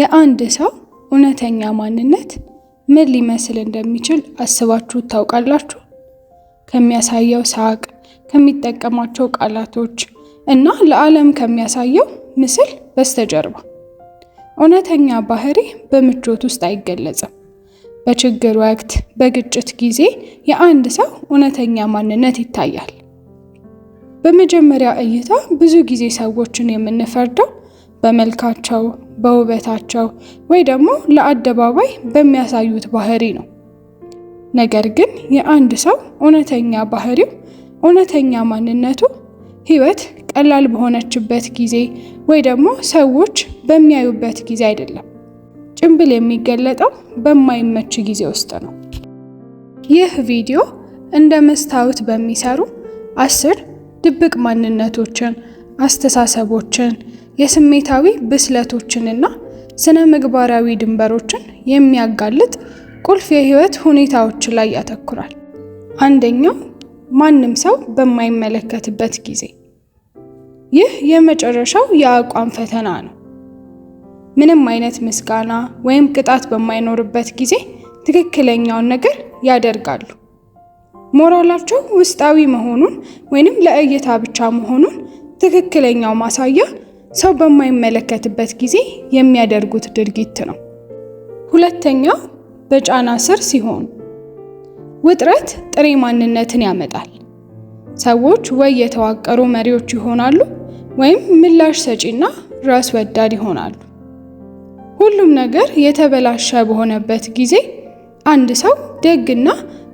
የአንድ ሰው እውነተኛ ማንነት ምን ሊመስል እንደሚችል አስባችሁ ታውቃላችሁ? ከሚያሳየው ሳቅ፣ ከሚጠቀማቸው ቃላቶች እና ለዓለም ከሚያሳየው ምስል በስተጀርባ እውነተኛ ባህሪ በምቾት ውስጥ አይገለጽም። በችግር ወቅት፣ በግጭት ጊዜ የአንድ ሰው እውነተኛ ማንነት ይታያል። በመጀመሪያ እይታ ብዙ ጊዜ ሰዎችን የምንፈርደው በመልካቸው በውበታቸው ወይ ደግሞ ለአደባባይ በሚያሳዩት ባህሪ ነው። ነገር ግን የአንድ ሰው እውነተኛ ባህሪው፣ እውነተኛ ማንነቱ ህይወት ቀላል በሆነችበት ጊዜ ወይ ደግሞ ሰዎች በሚያዩበት ጊዜ አይደለም። ጭምብል የሚገለጠው በማይመች ጊዜ ውስጥ ነው። ይህ ቪዲዮ እንደ መስታወት በሚሰሩ አስር ድብቅ ማንነቶችን፣ አስተሳሰቦችን የስሜታዊ ብስለቶችንና ስነ ምግባራዊ ድንበሮችን የሚያጋልጥ ቁልፍ የህይወት ሁኔታዎች ላይ ያተኩራል። አንደኛው ማንም ሰው በማይመለከትበት ጊዜ። ይህ የመጨረሻው የአቋም ፈተና ነው። ምንም አይነት ምስጋና ወይም ቅጣት በማይኖርበት ጊዜ ትክክለኛውን ነገር ያደርጋሉ። ሞራላቸው ውስጣዊ መሆኑን ወይንም ለእይታ ብቻ መሆኑን ትክክለኛው ማሳያ ሰው በማይመለከትበት ጊዜ የሚያደርጉት ድርጊት ነው። ሁለተኛው በጫና ስር ሲሆን ውጥረት ጥሬ ማንነትን ያመጣል። ሰዎች ወይ የተዋቀሩ መሪዎች ይሆናሉ ወይም ምላሽ ሰጪና ራስ ወዳድ ይሆናሉ። ሁሉም ነገር የተበላሸ በሆነበት ጊዜ አንድ ሰው ደግና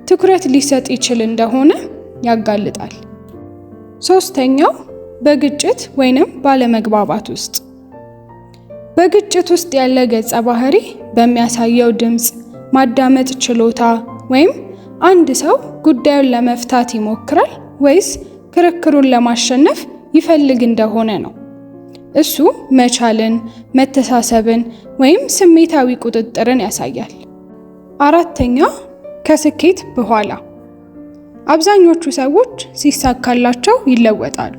ትኩረት ሊሰጥ ይችል እንደሆነ ያጋልጣል። ሶስተኛው በግጭት ወይንም ባለመግባባት ውስጥ በግጭት ውስጥ ያለ ገጸ ባህሪ በሚያሳየው ድምፅ ማዳመጥ ችሎታ ወይም አንድ ሰው ጉዳዩን ለመፍታት ይሞክራል ወይስ ክርክሩን ለማሸነፍ ይፈልግ እንደሆነ ነው። እሱ መቻልን፣ መተሳሰብን ወይም ስሜታዊ ቁጥጥርን ያሳያል። አራተኛ ከስኬት በኋላ አብዛኞቹ ሰዎች ሲሳካላቸው ይለወጣሉ።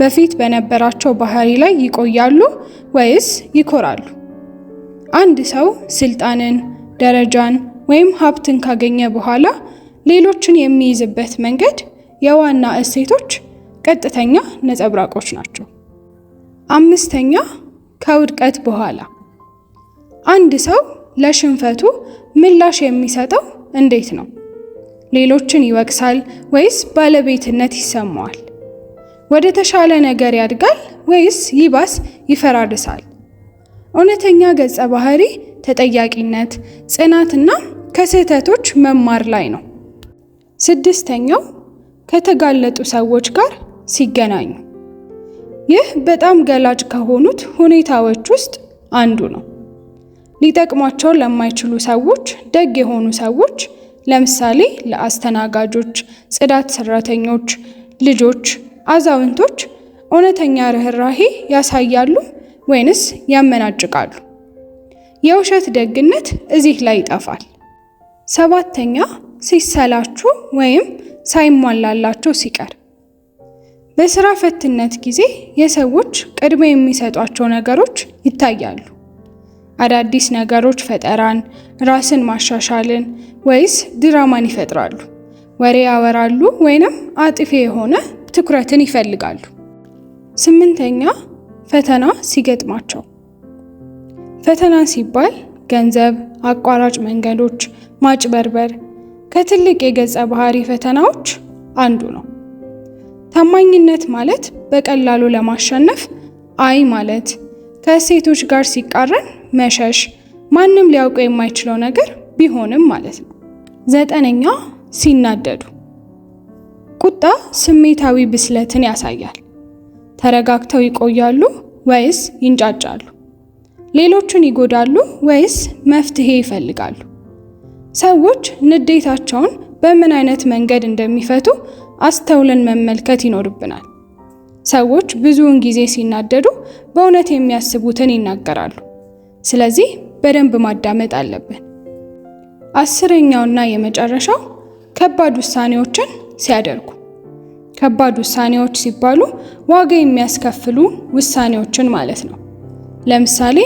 በፊት በነበራቸው ባህሪ ላይ ይቆያሉ ወይስ ይኮራሉ? አንድ ሰው ስልጣንን፣ ደረጃን ወይም ሀብትን ካገኘ በኋላ ሌሎችን የሚይዝበት መንገድ የዋና እሴቶች ቀጥተኛ ነጸብራቆች ናቸው። አምስተኛ ከውድቀት በኋላ አንድ ሰው ለሽንፈቱ ምላሽ የሚሰጠው እንዴት ነው? ሌሎችን ይወቅሳል ወይስ ባለቤትነት ይሰማዋል? ወደ ተሻለ ነገር ያድጋል ወይስ ይባስ ይፈራርሳል? እውነተኛ ገጸ ባህሪ ተጠያቂነት፣ ጽናትና ከስህተቶች መማር ላይ ነው። ስድስተኛው ከተጋለጡ ሰዎች ጋር ሲገናኙ። ይህ በጣም ገላጭ ከሆኑት ሁኔታዎች ውስጥ አንዱ ነው። ሊጠቅሟቸው ለማይችሉ ሰዎች ደግ የሆኑ ሰዎች ለምሳሌ ለአስተናጋጆች፣ ጽዳት ሰራተኞች፣ ልጆች አዛውንቶች እውነተኛ ርኅራሄ ያሳያሉ ወይንስ ያመናጭቃሉ? የውሸት ደግነት እዚህ ላይ ይጠፋል። ሰባተኛ ሲሰላችሁ ወይም ሳይሟላላቸው ሲቀር በስራ ፈትነት ጊዜ የሰዎች ቅድሚያ የሚሰጧቸው ነገሮች ይታያሉ። አዳዲስ ነገሮች ፈጠራን፣ ራስን ማሻሻልን ወይስ ድራማን ይፈጥራሉ? ወሬ ያወራሉ ወይንም አጥፌ የሆነ ትኩረትን ይፈልጋሉ። ስምንተኛ ፈተና ሲገጥማቸው። ፈተና ሲባል ገንዘብ፣ አቋራጭ መንገዶች፣ ማጭበርበር ከትልቅ የገጸ ባህሪ ፈተናዎች አንዱ ነው። ታማኝነት ማለት በቀላሉ ለማሸነፍ አይ ማለት፣ ከእሴቶች ጋር ሲቃረን መሸሽ፣ ማንም ሊያውቀው የማይችለው ነገር ቢሆንም ማለት ነው። ዘጠነኛ ሲናደዱ ቁጣ ስሜታዊ ብስለትን ያሳያል። ተረጋግተው ይቆያሉ ወይስ ይንጫጫሉ? ሌሎቹን ይጎዳሉ ወይስ መፍትሄ ይፈልጋሉ? ሰዎች ንዴታቸውን በምን አይነት መንገድ እንደሚፈቱ አስተውለን መመልከት ይኖርብናል። ሰዎች ብዙውን ጊዜ ሲናደዱ በእውነት የሚያስቡትን ይናገራሉ። ስለዚህ በደንብ ማዳመጥ አለብን። አስረኛውና የመጨረሻው ከባድ ውሳኔዎችን ሲያደርጉ ከባድ ውሳኔዎች ሲባሉ ዋጋ የሚያስከፍሉ ውሳኔዎችን ማለት ነው። ለምሳሌ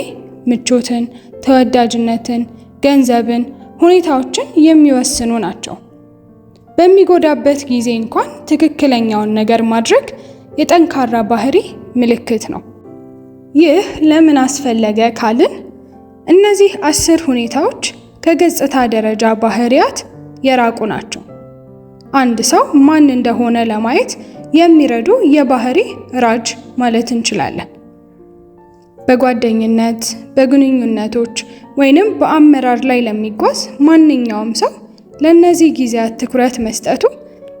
ምቾትን፣ ተወዳጅነትን፣ ገንዘብን፣ ሁኔታዎችን የሚወስኑ ናቸው። በሚጎዳበት ጊዜ እንኳን ትክክለኛውን ነገር ማድረግ የጠንካራ ባህሪ ምልክት ነው። ይህ ለምን አስፈለገ ካልን እነዚህ አስር ሁኔታዎች ከገጽታ ደረጃ ባህሪያት የራቁ ናቸው። አንድ ሰው ማን እንደሆነ ለማየት የሚረዱ የባህሪ ራጅ ማለት እንችላለን። በጓደኝነት፣ በግንኙነቶች ወይንም በአመራር ላይ ለሚጓዝ ማንኛውም ሰው ለእነዚህ ጊዜያት ትኩረት መስጠቱ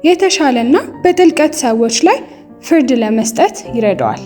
የተሻለና በጥልቀት ሰዎች ላይ ፍርድ ለመስጠት ይረዳዋል።